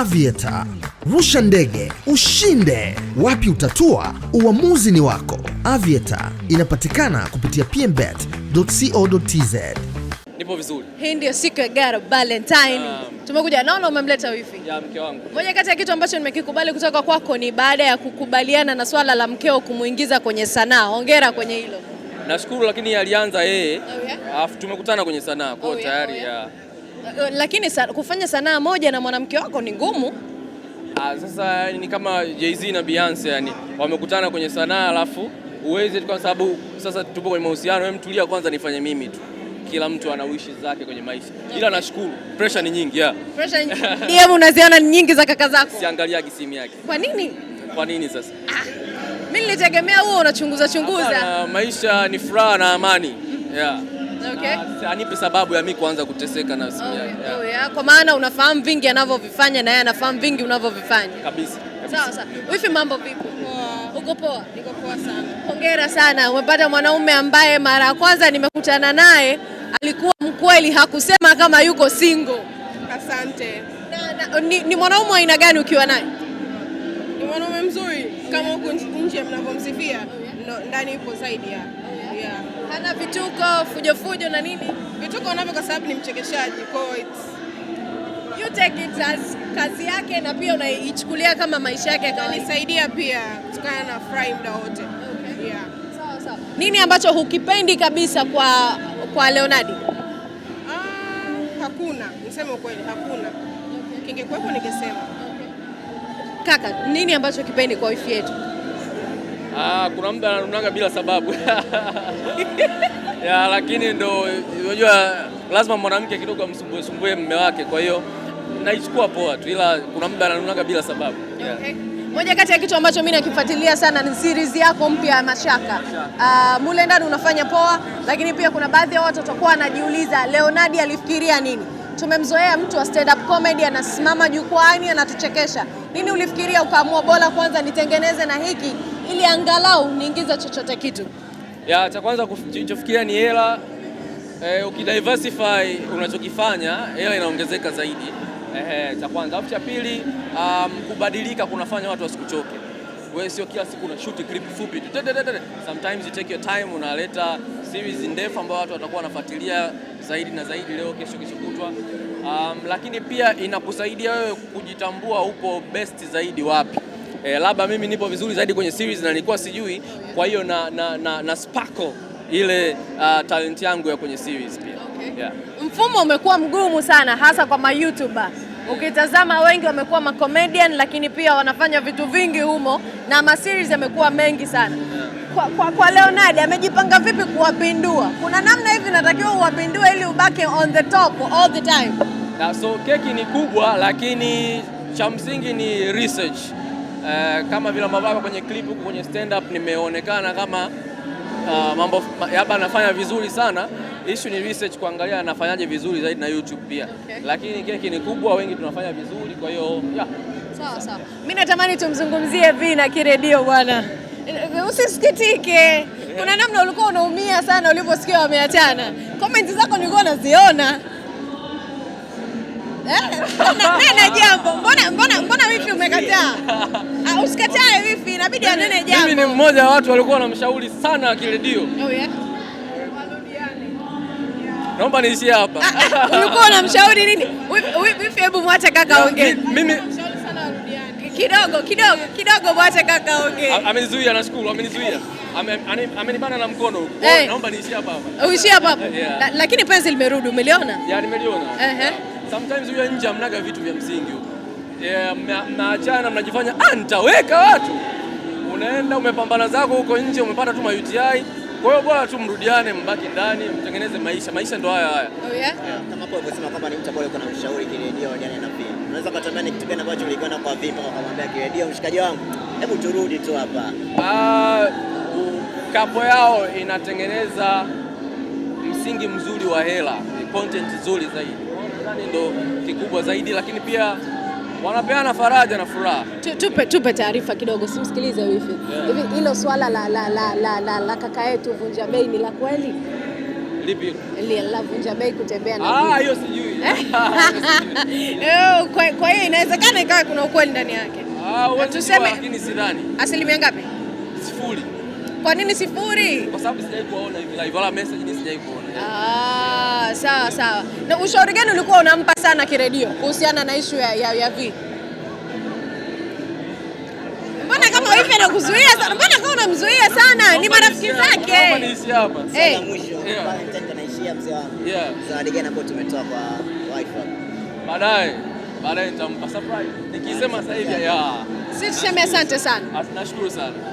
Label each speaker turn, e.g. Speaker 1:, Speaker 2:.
Speaker 1: Aviator. Rusha ndege ushinde, wapi utatua? Uamuzi ni wako. Aviator inapatikana kupitia pmbet.co.tz.
Speaker 2: Nipo vizuri.
Speaker 3: Hii ndio siku ya gara Valentine. Um, tumekuja naona umemleta wifi. Ya mke wangu. Moja kati ya kitu ambacho nimekikubali kutoka kwako ni baada ya kukubaliana na swala la mkeo kumuingiza kwenye sanaa. Hongera kwenye hilo.
Speaker 2: Nashukuru, lakini alianza yeye. Oh, yeah. Alafu tumekutana kwenye sanaa. Kwa oh, yeah, tayari oh, yeah. ya
Speaker 3: Eh, eh, lakini sa, kufanya sanaa moja na mwanamke wako ni ngumu.
Speaker 2: Ah, sasa yani ni kama Jay-Z na Beyonce yani wamekutana kwenye sanaa alafu uweze kwa sababu sasa tupo kwenye mahusiano, wewe mtulia kwanza, nifanye mimi tu. Kila mtu ana wishi zake kwenye maisha, ila nashukuru pressure ni nyingi yeah.
Speaker 3: Pressure ni DM unaziona ni nyingi za kaka zako,
Speaker 2: siangaliagi simu yake. Kwa nini? Kwa nini sasa?
Speaker 3: Ah, mimi nilitegemea huo unachunguza chunguza.
Speaker 2: Maisha ni furaha na amani mm. yeah okay. Na anipe sababu ya mimi kuanza kuteseka na simu yake. Okay.
Speaker 3: Yeah. Oh, yeah. Kwa maana unafahamu vingi anavyovifanya na yeye anafahamu vingi unavyovifanya. Kabisa. Sawa sawa. Wifi, mambo vipi?
Speaker 4: Poa. Uko poa? Niko poa sana.
Speaker 3: Hongera sana. Umepata mwanaume ambaye mara ya kwanza nimekutana naye alikuwa mkweli, hakusema kama yuko single.
Speaker 4: Asante.
Speaker 3: Na, na, ni, ni mwanaume aina gani ukiwa naye?
Speaker 4: Ni mwanaume mzuri kama huko nje mnavyomsifia, oh, ndani ipo zaidi ya. Oh, yeah
Speaker 3: hana vituko fujofujo na nini.
Speaker 4: Vituko anavyo kwa sababu ni mchekeshaji, kwa hiyo
Speaker 3: you take it as kazi yake, na pia unaichukulia kama maisha yake.
Speaker 4: Akanisaidia pia kutokana na fry muda wote okay. Yeah.
Speaker 3: Sawa sawa. Nini ambacho hukipendi kabisa kwa kwa Leonardi?
Speaker 4: Ah, hakuna, niseme ukweli, hakuna okay. Kingekuwepo ningesema okay.
Speaker 3: Kaka, nini ambacho kipendi kwa wifi yetu?
Speaker 2: Ah, kuna muda ananunaga bila sababu ya, lakini ndo unajua lazima mwanamke kidogo amsumbue sumbue mume wake, kwa hiyo naichukua poa tu, ila kuna muda ananunaga bila sababu yeah. Okay.
Speaker 3: Moja kati ya kitu ambacho mimi nakifuatilia sana ni series yako mpya ya Mashaka. Uh, mule ndani unafanya poa, lakini pia kuna baadhi ya watu watakuwa wanajiuliza Leonardi alifikiria nini? Tumemzoea mtu wa stand up comedy anasimama jukwaani anatuchekesha. Nini ulifikiria ukaamua bora kwanza nitengeneze na hiki ili angalau niingize chochote kitu?
Speaker 2: Ya, cha kwanza kilichofikiria ni hela e, ukidiversify unachokifanya hela inaongezeka zaidi e, cha kwanza alafu cha pili um, kubadilika kunafanya watu wasikuchoke wewe sio kila siku una shoot clip fupi. Sometimes you take your time, unaleta series ndefu ambayo watu watakuwa wanafuatilia zaidi na zaidi, leo kesho, kesho kutwa. Um, lakini pia inakusaidia wewe kujitambua upo best zaidi wapi e, labda mimi nipo vizuri zaidi kwenye series na nilikuwa sijui, kwa hiyo na, na, na, na sparkle ile uh, talent yangu ya kwenye series pia okay. Yeah.
Speaker 3: Mfumo umekuwa mgumu sana hasa kwa ma YouTuber. Ukitazama wengi wamekuwa ma comedian lakini pia wanafanya vitu vingi humo na ma series yamekuwa mengi sana. Kwa, kwa, kwa Leonard amejipanga vipi kuwapindua? Kuna namna hivi natakiwa uwapindue ili ubake on the top all the time.
Speaker 2: Yeah, so keki ni kubwa lakini cha msingi ni research uh, kama vile ambavyo hapa kwenye clip huko kwenye stand up nimeonekana kama uh, mambo hapa anafanya vizuri sana. Issue ni research kuangalia anafanyaje vizuri zaidi na YouTube pia. Okay. Lakini keki ni kubwa, wengi tunafanya vizuri, kwa hiyo yeah.
Speaker 3: Sawa sawa. Mimi natamani tumzungumzie na Kiredio bwana. Eh, usisikitike. Kuna namna ulikuwa unaumia sana uliposikia wameachana. Comment zako nilikuwa naziona. Eh? nene jambo. Mbona mbona mbona wifi umekataa? Ah, usikatae wifi, inabidi yaani, anene jambo. Mimi
Speaker 2: ni mmoja wa watu walikuwa wanamshauri sana Kiredio. Oh yeah. Naomba niishie hapa. Ah,
Speaker 3: ah, ulikuwa unamshauri nini? Wifi, hebu mwache kaka ongee. Mimi kidogo kidogo kidogo, mwache kaka ongee.
Speaker 2: Amenizuia, nashukuru, amenizuia amenibana na mkono huko. Eh. Naomba niishie hapa hapa.
Speaker 3: Uishie hapa hapa. Eh, lakini penzi limerudi, umeliona?
Speaker 2: Ya, nimeliona sometimes huyo nje amnaga vitu vya msingi huko. Yeah, mnaachana mnajifanya ah, nitaweka watu. Unaenda umepambana zako huko nje umepata tu ma UTI. Kwa hiyo bora tu mrudiane, mbaki ndani, mtengeneze maisha. Maisha ndo haya haya.
Speaker 3: Oh yeah. Yeah.
Speaker 5: Kama hapo ulivyosema kwamba ni mtu ambaye uko na ushauri kiredio ndani na pia. Unaweza kutamani kitu gani ambacho ulikwenda kwa vipi kwa kumwambia kiredio mshikaji wangu? Hebu turudi tu hapa.
Speaker 2: Ah, kapo yao inatengeneza msingi mzuri wa hela, content nzuri zaidi nadhani ndo kikubwa zaidi, lakini pia wanapeana faraja na furaha.
Speaker 3: Tupe, tupe taarifa kidogo, simsikilize wifi hivi yeah. Hilo swala la, la, la, la, la, la kaka yetu Vunja Bei ni la kweli? Lipi? La Vunja Bei kutembea na ah,
Speaker 2: hiyo sijui. Ah,
Speaker 3: eh, kwa, kwa hiyo inawezekana ikawa kuna ukweli ndani yake.
Speaker 2: Ah, tuseme, lakini sidhani.
Speaker 3: Asilimia ngapi? Sifuri. Kwa nini sifuri? Kwa
Speaker 2: sababu sijai kuona hivi live wala message ni sijai kuona.
Speaker 3: Ah, sawa sawa. Na ushauri gani ulikuwa unampa sana Kiredio kuhusiana na issue ya ya, ya vi? Mbona kama wewe hivi anakuzuia sana? Mbona kama unamzuia sana? Ni marafiki zake.
Speaker 2: hapa.
Speaker 5: Eh. Sasa mwisho. Naishia mzee wangu. Yeah. Zawadi gani ambayo tumetoa kwa wifi?
Speaker 2: Baadaye. Baadaye nitampa surprise. Nikisema sasa hivi ya.
Speaker 3: Sisi tuseme asante sana.
Speaker 2: Nashukuru sana.